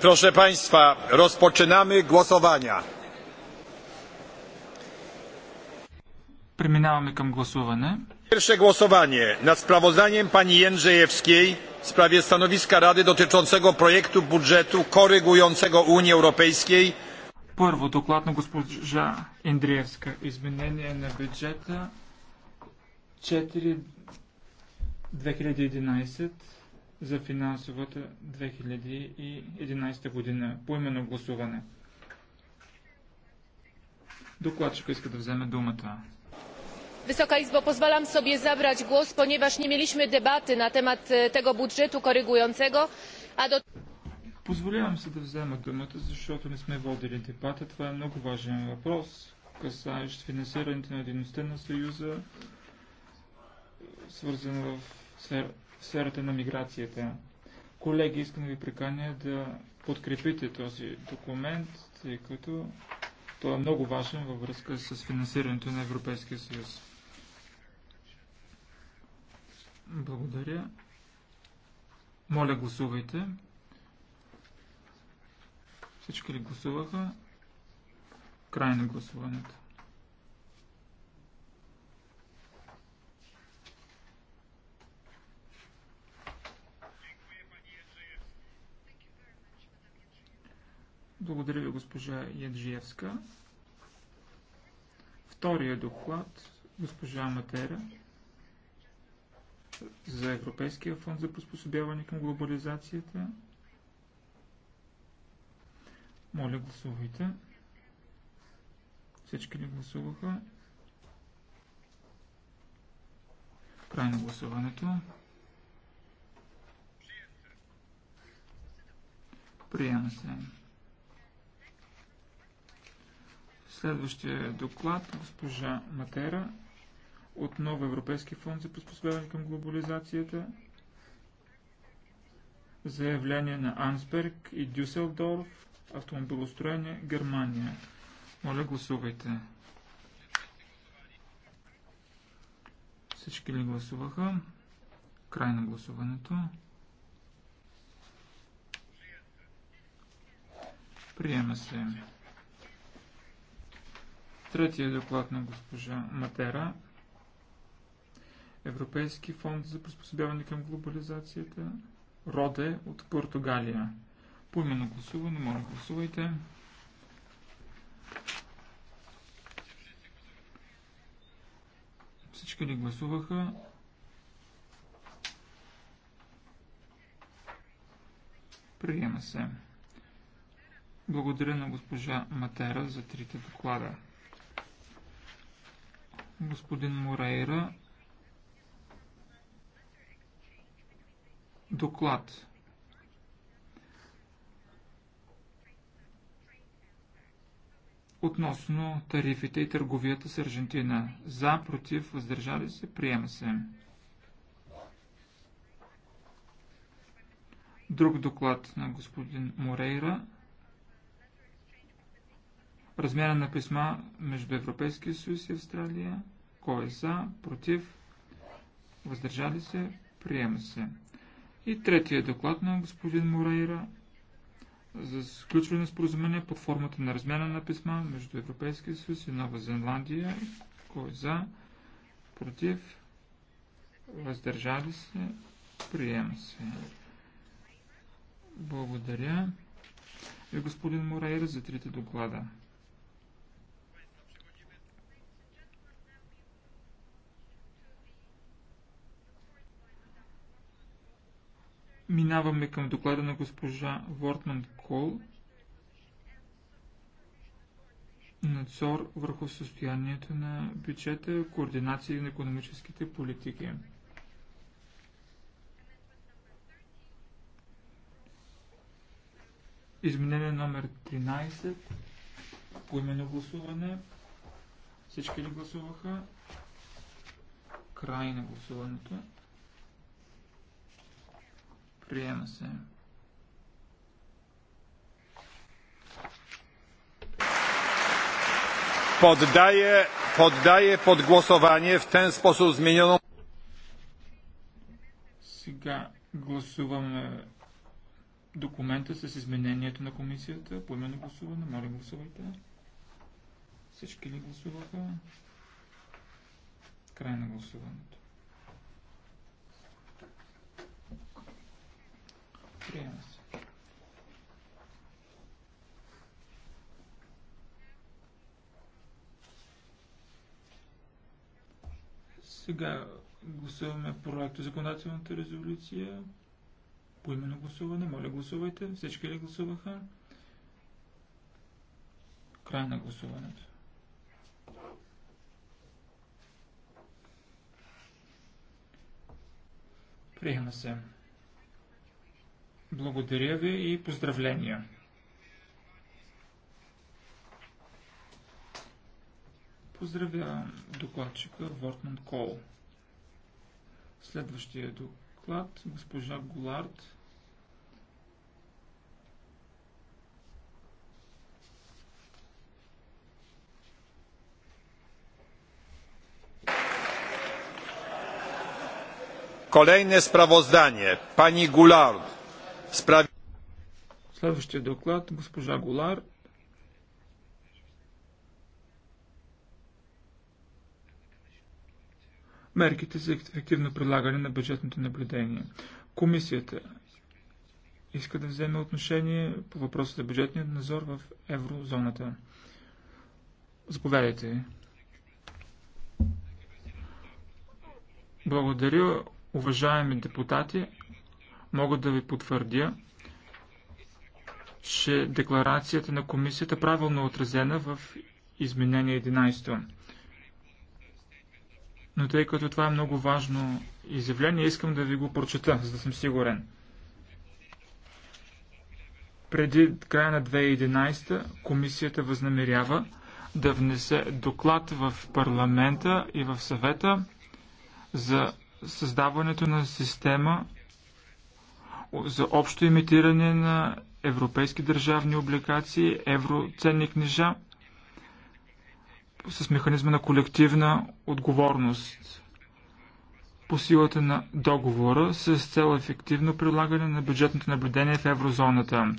Proszę Państwa, rozpoczynamy głosowania. Преминаваме към гласуване. Pierwsze głosowanie nad sprawozdaniem pani Jędrzejewskiej w sprawie stanowiska Rady dotyczącego projektu budżetu korygującego Unii Europejskiej. госпожа 4 2011 за финансовата 2011 година. по именно гласуване. Докладчика иска да вземе думата. Wysoka Izbo, pozwalam sobie zabrać głos, ponieważ nie mieliśmy debaty na temat tego budżetu korygującego, a do... Позволявам се да взема думата, защото не сме водили дебата. Това е много важен въпрос, касаещ финансирането на единността на Съюза, свързан в сфера, в сферата на миграцията. Колеги, искам да ви приканя да подкрепите този документ, тъй като той е много важен във връзка с финансирането на Европейския съюз. Благодаря. Моля, гласувайте. Всички ли гласуваха? Край на гласуването. Благодаря ви, госпожа Яджиевска. Втория доклад, госпожа Матера, за Европейския фонд за приспособяване към глобализацията. Моля, гласувайте. Всички ли гласуваха? Край на гласуването. Приема се. Следващия доклад, госпожа Матера, отново Европейски фонд за приспособяване към глобализацията. Заявление на Ансберг и Дюселдорф, автомобилостроение, Германия. Моля, гласувайте. Всички ли гласуваха? Край на гласуването. Приема се. Третия доклад на госпожа Матера. Европейски фонд за приспособяване към глобализацията. Роде от Португалия. По гласуване, моля гласувайте. Всички ли гласуваха? Приема се. Благодаря на госпожа Матера за трите доклада господин Морейра. Доклад. Относно тарифите и търговията с Аржентина. За, против, въздържали се, приема се. Друг доклад на господин Морейра. Размяна на писма между Европейския съюз и Австралия. Кой е за, против, въздържали се, приема се. И третия доклад на господин Морейра за сключване на споразумение под формата на размяна на писма между Европейския съюз и Нова Зеландия. Кой е за, против, въздържали се, приема се. Благодаря и господин Морейра за трите доклада. Минаваме към доклада на госпожа Вортман Кол. Надзор върху състоянието на бюджета, координация на економическите политики. Изменение номер 13. Поименно гласуване. Всички ли гласуваха? Край на гласуването. Приема се. Poddaję, poddaję под głosowanie w ten sposób zmienioną. Сега гласуваме документа с изменението на комисията. По именно гласуване. Моля, гласувайте. Всички ли гласуваха? Край на гласуването. Приема се. Сега гласуваме проекта законодателната резолюция. По именно гласуване. Моля гласувайте. Всички ли гласуваха? Край на гласуването. Приема се. Благодаря ви и поздравления. Поздравявам докладчика Вортман Кол. Следващия доклад госпожа Голард. Kolejne sprawozdanie pani Goulard Справи... Следващия доклад, госпожа Голар. Мерките за ефективно прилагане на бюджетното наблюдение. Комисията иска да вземе отношение по въпроса за бюджетния надзор в еврозоната. Заповядайте. Благодаря, уважаеми депутати мога да ви потвърдя, че декларацията на комисията правилно е отразена в изменение 11. Но тъй като това е много важно изявление, искам да ви го прочета, за да съм сигурен. Преди края на 2011 комисията възнамерява да внесе доклад в парламента и в съвета за създаването на система за общо имитиране на европейски държавни облигации, евроценни книжа с механизма на колективна отговорност по силата на договора с цел ефективно прилагане на бюджетното наблюдение в еврозоната.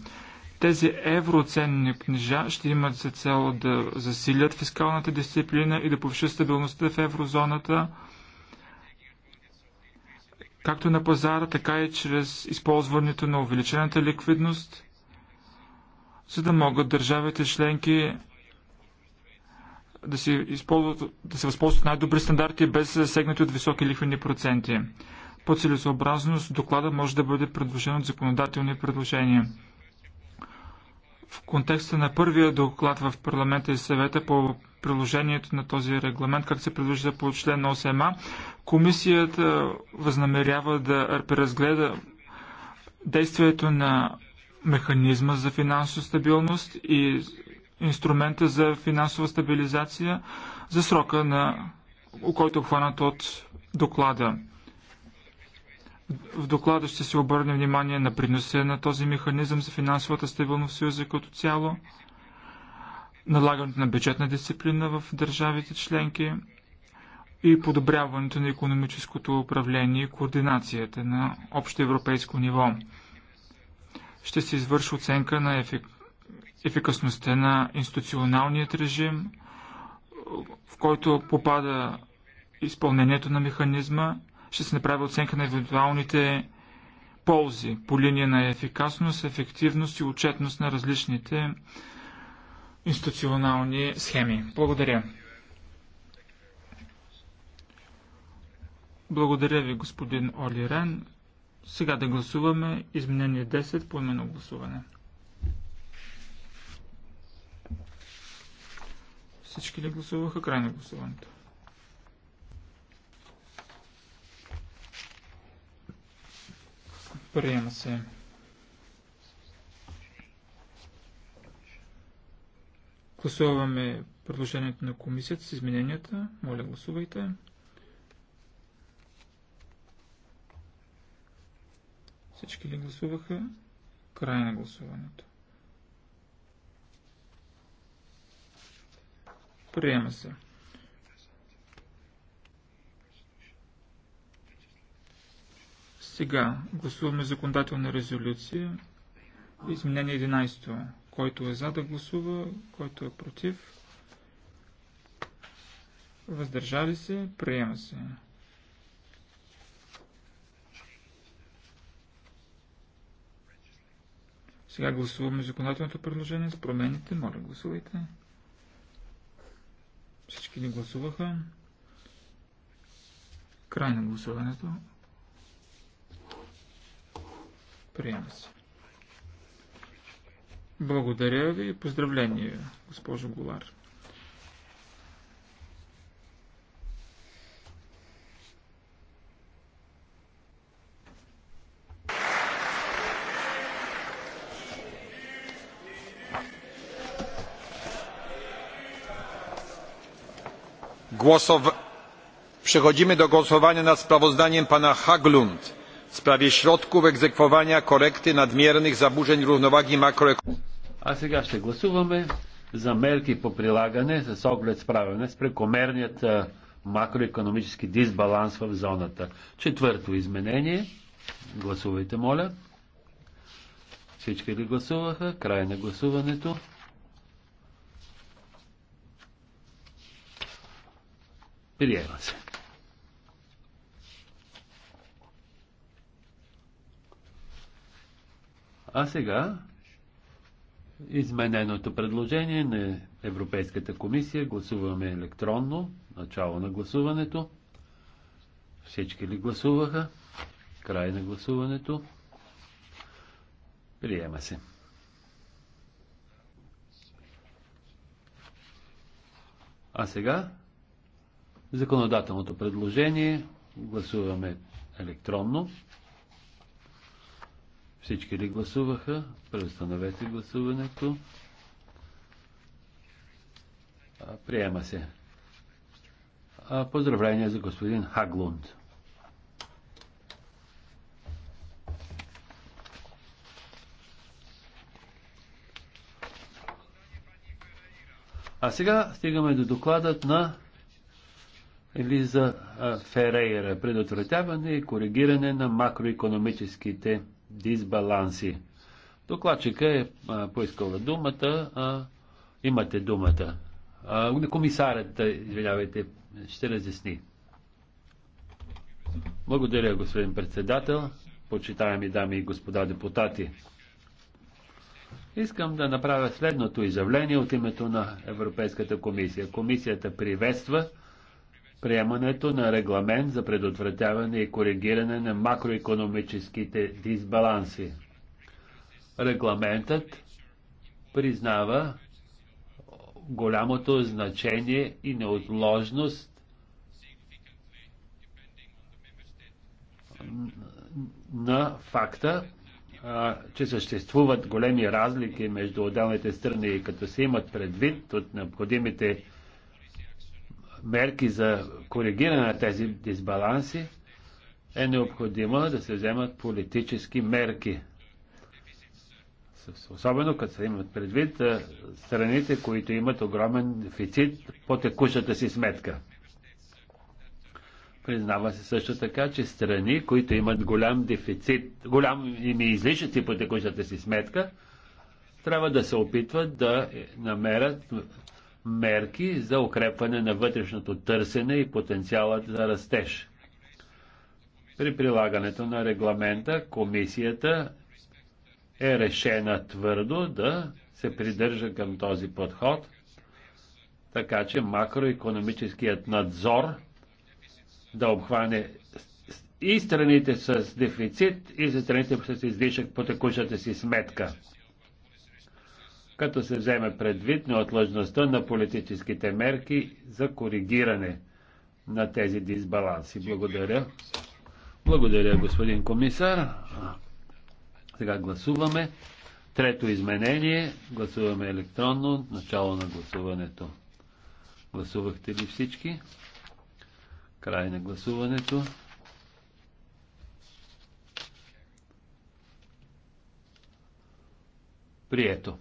Тези евроценни книжа ще имат за цел да засилят фискалната дисциплина и да повишат стабилността в еврозоната – както на пазара, така и чрез използването на увеличената ликвидност, за да могат държавите членки да се, използват, да се възползват най-добри стандарти без засегнати от високи лихвени проценти. По целесообразност доклада може да бъде предложен от законодателни предложения. В контекста на първия доклад в парламента и съвета по приложението на този регламент, как се предвижда по член 8а, комисията възнамерява да преразгледа действието на механизма за финансова стабилност и инструмента за финансова стабилизация за срока на който е обхванат от доклада. В доклада ще се обърне внимание на приноса на този механизъм за финансовата стабилност в Съюза като цяло, налагането на бюджетна дисциплина в държавите членки и подобряването на економическото управление и координацията на общо европейско ниво. Ще се извърши оценка на ефик... ефикасността на институционалният режим, в който попада изпълнението на механизма ще се направи оценка на евентуалните ползи по линия на ефикасност, ефективност и отчетност на различните институционални схеми. Благодаря. Благодаря ви, господин Оли Рен. Сега да гласуваме изменение 10 по именно гласуване. Всички ли гласуваха край на гласуването? Приема се. Гласуваме предложението на комисията с измененията. Моля, гласувайте. Всички ли гласуваха? Край на гласуването. Приема се. Сега гласуваме законодателна резолюция. Изменение 11. Който е за да гласува, който е против. Въздържали се, приема се. Сега гласуваме законодателното предложение с промените. Моля, гласувайте. Всички ни гласуваха. Край на гласуването. Приема се. Благодаря ви и поздравления, госпожо Голар. Głosow... Przechodzimy do głosowania nad sprawozdaniem pana Haglund sprawie środków egzekwowania korekty nadmiernych zaburzeń równowagi makroekonomicznej. А сега ще гласуваме за мерки по прилагане с оглед справяне с прекомерният е, макроекономически дисбаланс в зоната. Четвърто изменение. Гласувайте, моля. Всички ли гласуваха? Край на гласуването. Приема се. А сега измененото предложение на Европейската комисия. Гласуваме електронно. Начало на гласуването. Всички ли гласуваха? Край на гласуването. Приема се. А сега законодателното предложение гласуваме електронно. Всички ли гласуваха? Престановете гласуването. Приема се. Поздравление за господин Хаглунд. А сега стигаме до докладът на Елиза Ферейра. Предотвратяване и коригиране на макроекономическите дисбаланси. Докладчика е поискала думата. А, имате думата. А, комисарът, извинявайте, ще разясни. Благодаря, господин председател, почитаеми дами и господа депутати. Искам да направя следното изявление от името на Европейската комисия. Комисията приветства приемането на регламент за предотвратяване и коригиране на макроекономическите дисбаланси. Регламентът признава голямото значение и неотложност на факта, че съществуват големи разлики между отделните страни и като се имат предвид от необходимите мерки за коригиране на тези дисбаланси, е необходимо да се вземат политически мерки. Особено като се имат предвид страните, които имат огромен дефицит по текущата си сметка. Признава се също така, че страни, които имат голям дефицит, голям ими излишъци по текущата си сметка, трябва да се опитват да е, намерят мерки за укрепване на вътрешното търсене и потенциалът за растеж. При прилагането на регламента комисията е решена твърдо да се придържа към този подход, така че макроекономическият надзор да обхване и страните с дефицит, и за страните с излишък по текущата си сметка като се вземе предвид неотлъжността на политическите мерки за коригиране на тези дисбаланси. Благодаря. Благодаря, господин комисар. Сега гласуваме. Трето изменение. Гласуваме електронно. Начало на гласуването. Гласувахте ли всички? Край на гласуването. Прието.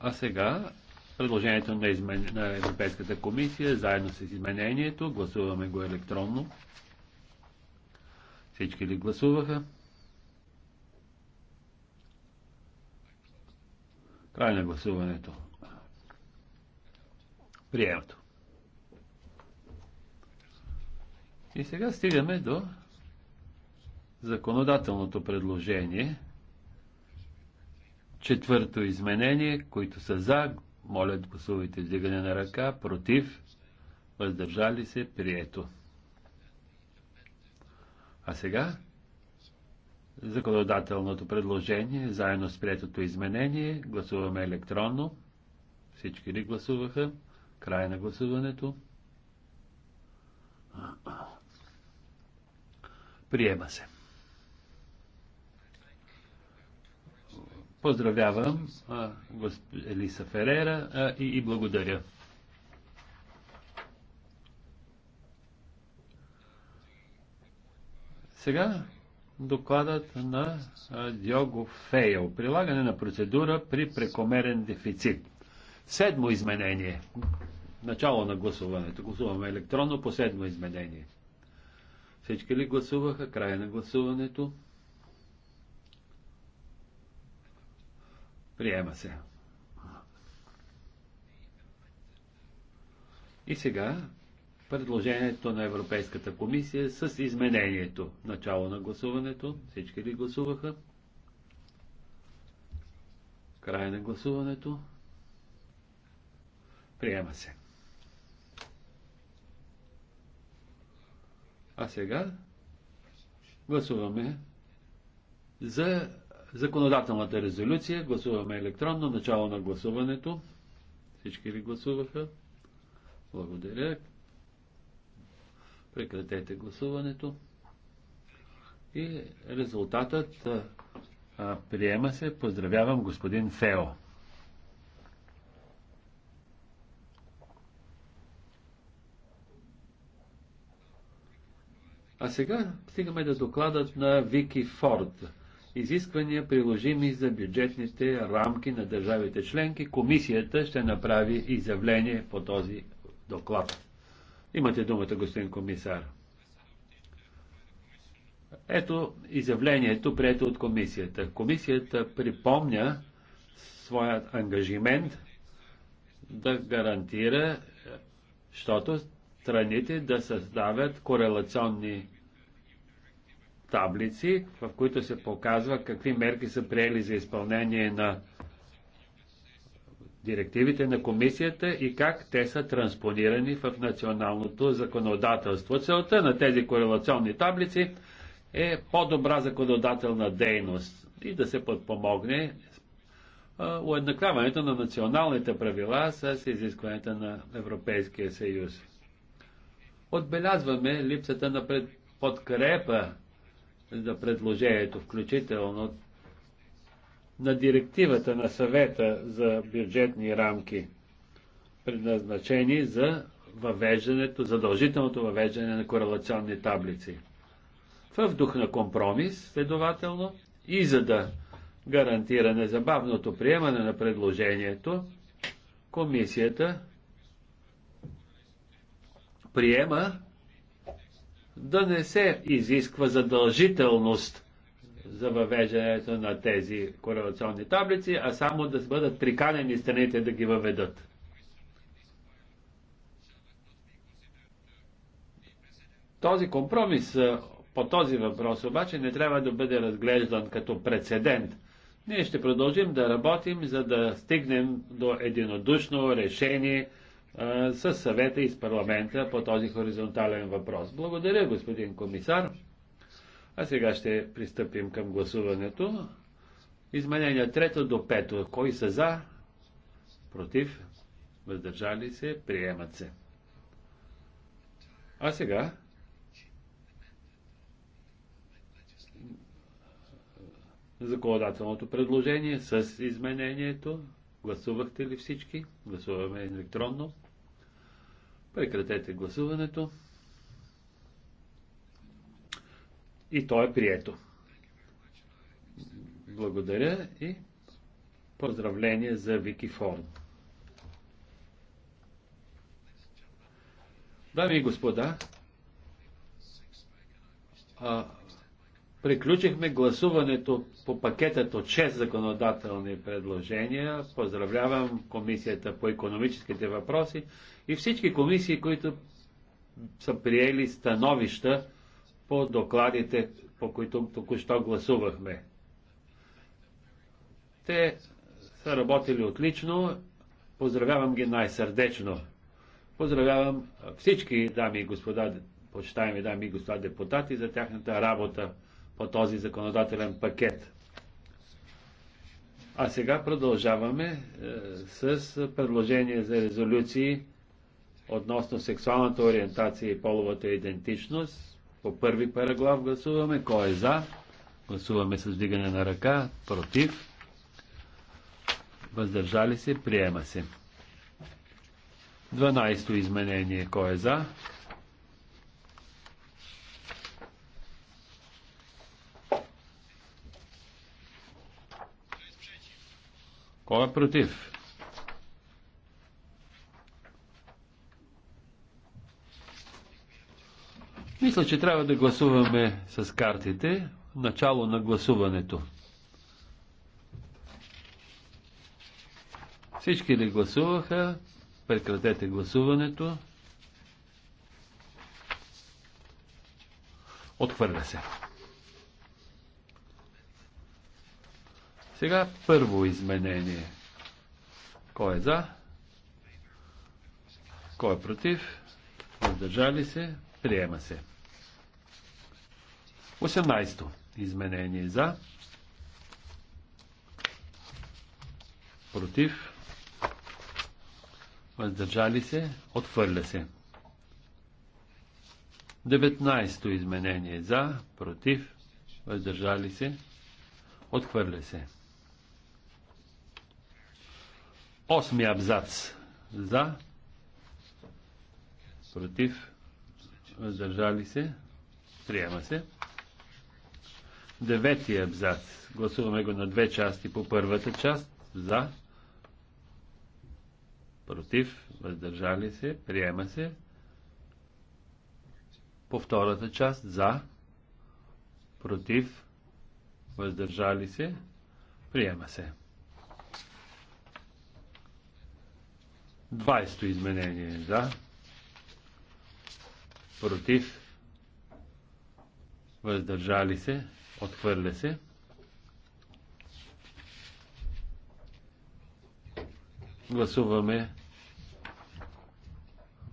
А сега предложението на, измен... на Европейската комисия, заедно с изменението, гласуваме го електронно. Всички ли гласуваха? Край на гласуването. Приемато. И сега стигаме до законодателното предложение – Четвърто изменение, които са за, молят, гласувайте вдигане на ръка, против, въздържали се, прието. А сега законодателното предложение, заедно с приетото изменение, гласуваме електронно. Всички ли гласуваха? Край на гласуването. Приема се. Поздравявам Елиса Ферера а, и, и благодаря. Сега докладът на Диого Фейл. Прилагане на процедура при прекомерен дефицит. Седмо изменение. Начало на гласуването. Гласуваме електронно по седмо изменение. Всички ли гласуваха? Края на гласуването. Приема се. И сега предложението на Европейската комисия с изменението. Начало на гласуването. Всички ли гласуваха? Край на гласуването. Приема се. А сега гласуваме за Законодателната резолюция. Гласуваме електронно. Начало на гласуването. Всички ли гласуваха? Благодаря. Прекратете гласуването. И резултатът а, приема се. Поздравявам господин Фео. А сега стигаме до докладът на Вики Форд изисквания, приложими за бюджетните рамки на държавите членки, комисията ще направи изявление по този доклад. Имате думата, господин комисар. Ето изявлението, прието от комисията. Комисията припомня своят ангажимент да гарантира, защото страните да създават корелационни таблици, в които се показва какви мерки са приели за изпълнение на директивите на комисията и как те са транспонирани в националното законодателство. Целта на тези корелационни таблици е по-добра законодателна дейност и да се подпомогне уеднаквяването на националните правила с изискването на Европейския съюз. Отбелязваме липсата на подкрепа за предложението, включително на директивата на съвета за бюджетни рамки, предназначени за въвеждането, задължителното въвеждане на корелационни таблици. В дух на компромис, следователно, и за да гарантира незабавното приемане на предложението, комисията приема да не се изисква задължителност за въвеждането на тези корелационни таблици, а само да бъдат приканени страните да ги въведат. Този компромис по този въпрос обаче не трябва да бъде разглеждан като прецедент. Ние ще продължим да работим, за да стигнем до единодушно решение с съвета и с парламента по този хоризонтален въпрос. Благодаря, господин комисар. А сега ще пристъпим към гласуването. Изменения трето до пето. Кои са за? Против? Въздържали се? Приемат се. А сега законодателното предложение с изменението Гласувахте ли всички? Гласуваме електронно. Прекратете гласуването. И то е прието. Благодаря и поздравление за Вики Дами и господа, а, Приключихме гласуването по пакетът от 6 законодателни предложения. Поздравлявам Комисията по економическите въпроси и всички комисии, които са приели становища по докладите, по които току-що гласувахме. Те са работили отлично. Поздравявам ги най-сърдечно. Поздравявам всички дами и господа, почитаеми дами и господа депутати за тяхната работа по този законодателен пакет. А сега продължаваме е, с предложение за резолюции относно сексуалната ориентация и половата идентичност. По първи параглав гласуваме. Кой е за? Гласуваме с вдигане на ръка. Против? Въздържали се? Приема се. 12-то изменение. Кой е за? Кой е против? Мисля, че трябва да гласуваме с картите начало на гласуването. Всички ли гласуваха? Прекратете гласуването. Отхвърля се. Сега първо изменение. Кой е за? Кой е против? Въздържали се? Приема се. 18-то изменение за. Против. Въздържали се? Отхвърля се. 19-то изменение за. Против. Въздържали се? Отхвърля се. Осми абзац. За. Против. Въздържали се. Приема се. Девети абзац. Гласуваме го на две части по първата част. За. Против. Въздържали се. Приема се. По втората част. За. Против. Въздържали се. Приема се. 20-то изменение за, против, въздържали се, отхвърля се. Гласуваме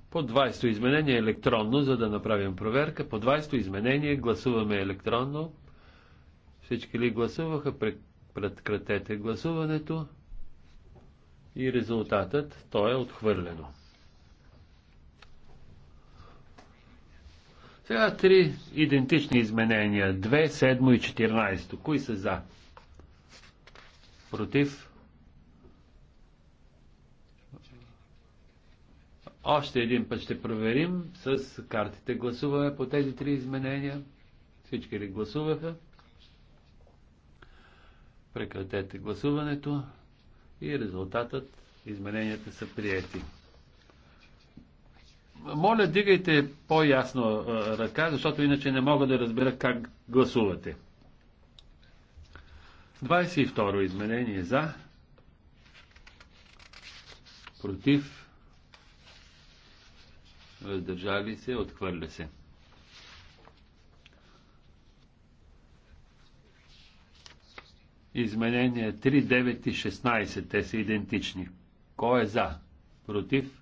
по 20-то изменение електронно, за да направим проверка. По 20-то изменение гласуваме електронно. Всички ли гласуваха? Прекратете гласуването и резултатът то е отхвърлено. Сега три идентични изменения. 2, 7 и 14. Кои са за? Против? Още един път ще проверим с картите. Гласуваме по тези три изменения. Всички ли гласуваха? Прекратете гласуването и резултатът, измененията са приети. Моля, дигайте по-ясно ръка, защото иначе не мога да разбера как гласувате. 22 изменение за, против, въздържали се, отхвърля се. Изменения 3, 9 и 16. Те са идентични. Кой е за? Против?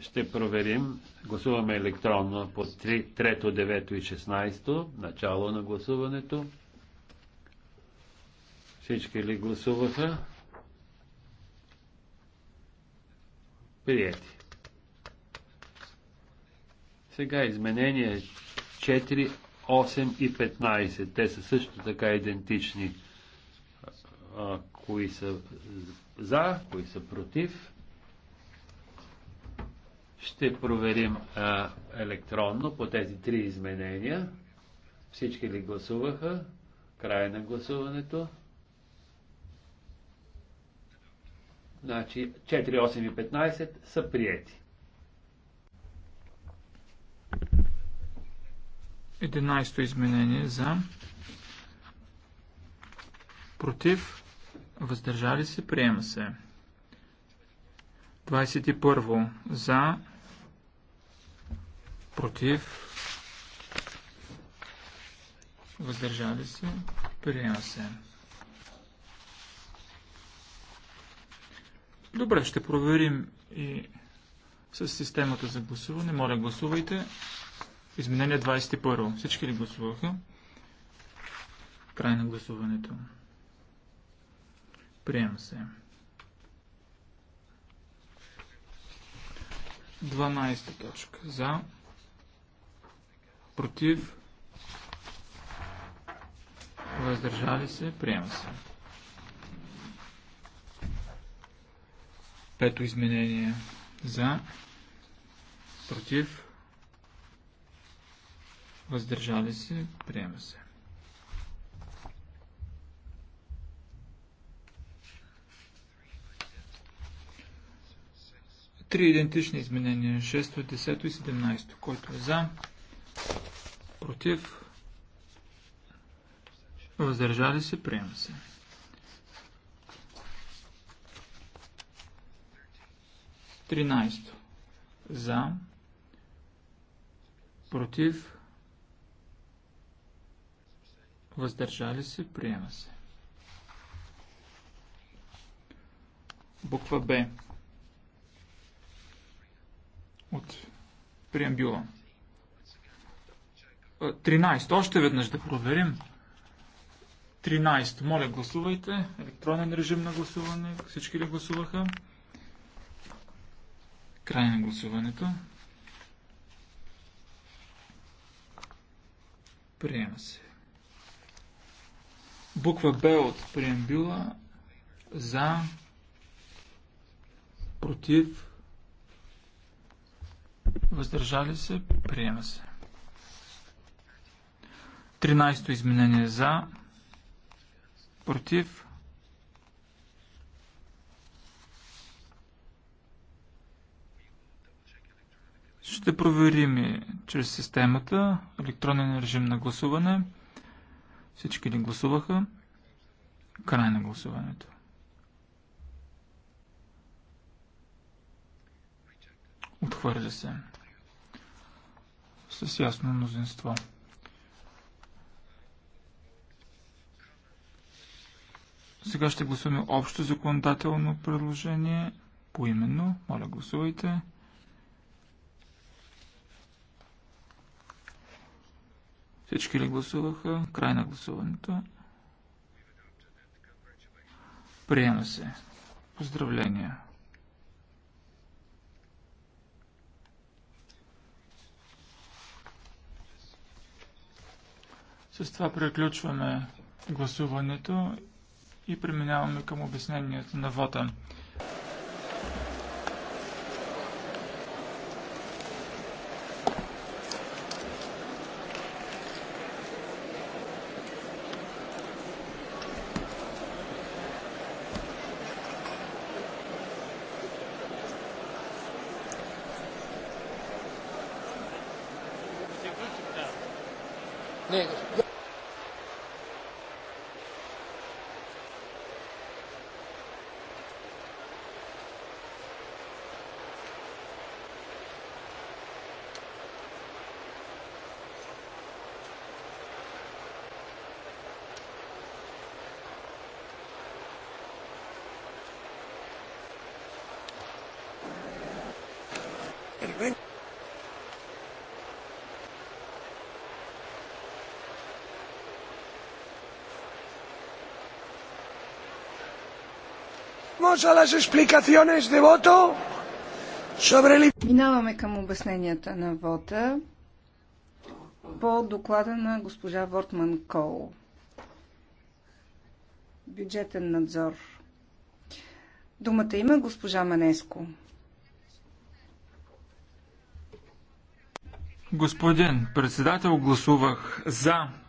Ще проверим. Гласуваме електронно по 3, 3 9 и 16. Начало на гласуването. Всички ли гласуваха? Приети. Сега изменение 4 8 и 15. Те са също така идентични. А, кои са за, кои са против. Ще проверим а, електронно по тези три изменения. Всички ли гласуваха? Край на гласуването. Значи 4, 8 и 15 са приети. 11 изменение за против въздържали се приема се 21 за против въздържали се приема се Добре, ще проверим и с системата за гласуване. Моля, гласувайте. Изменение 21. Всички ли гласуваха? Край на гласуването. Приема се. 12 точка. За. Против. Въздържали се. Приема се. Пето изменение. За. Против Въздържали се. Приема се. Три идентични изменения. 6, 10 и 17. Който е за. Против. Въздържали се. Приема се. Тринайсто. За. Против въздържали се, приема се. Буква Б от преамбюла. 13. Още веднъж да проверим. 13. Моля, гласувайте. Електронен режим на гласуване. Всички ли гласуваха? Край на гласуването. Приема се. Буква Б от преембюла за, против, въздържали се, приема се. 13-то изменение за, против, Ще проверим чрез системата електронен режим на гласуване. Всички ли гласуваха? Край на гласуването. Отхвърля се. С ясно мнозинство. Сега ще гласуваме общо законодателно предложение. Поименно, моля гласувайте. Всички ли гласуваха? Край на гласуването. Приема се. Поздравления. С това приключваме гласуването и преминаваме към обяснението на вода. Pasamos a las explicaciones de voto sobre... Минаваме към обясненията на вота по доклада на госпожа Вортман Кол. Бюджетен надзор. Думата има госпожа Манеско. Господин председател, гласувах за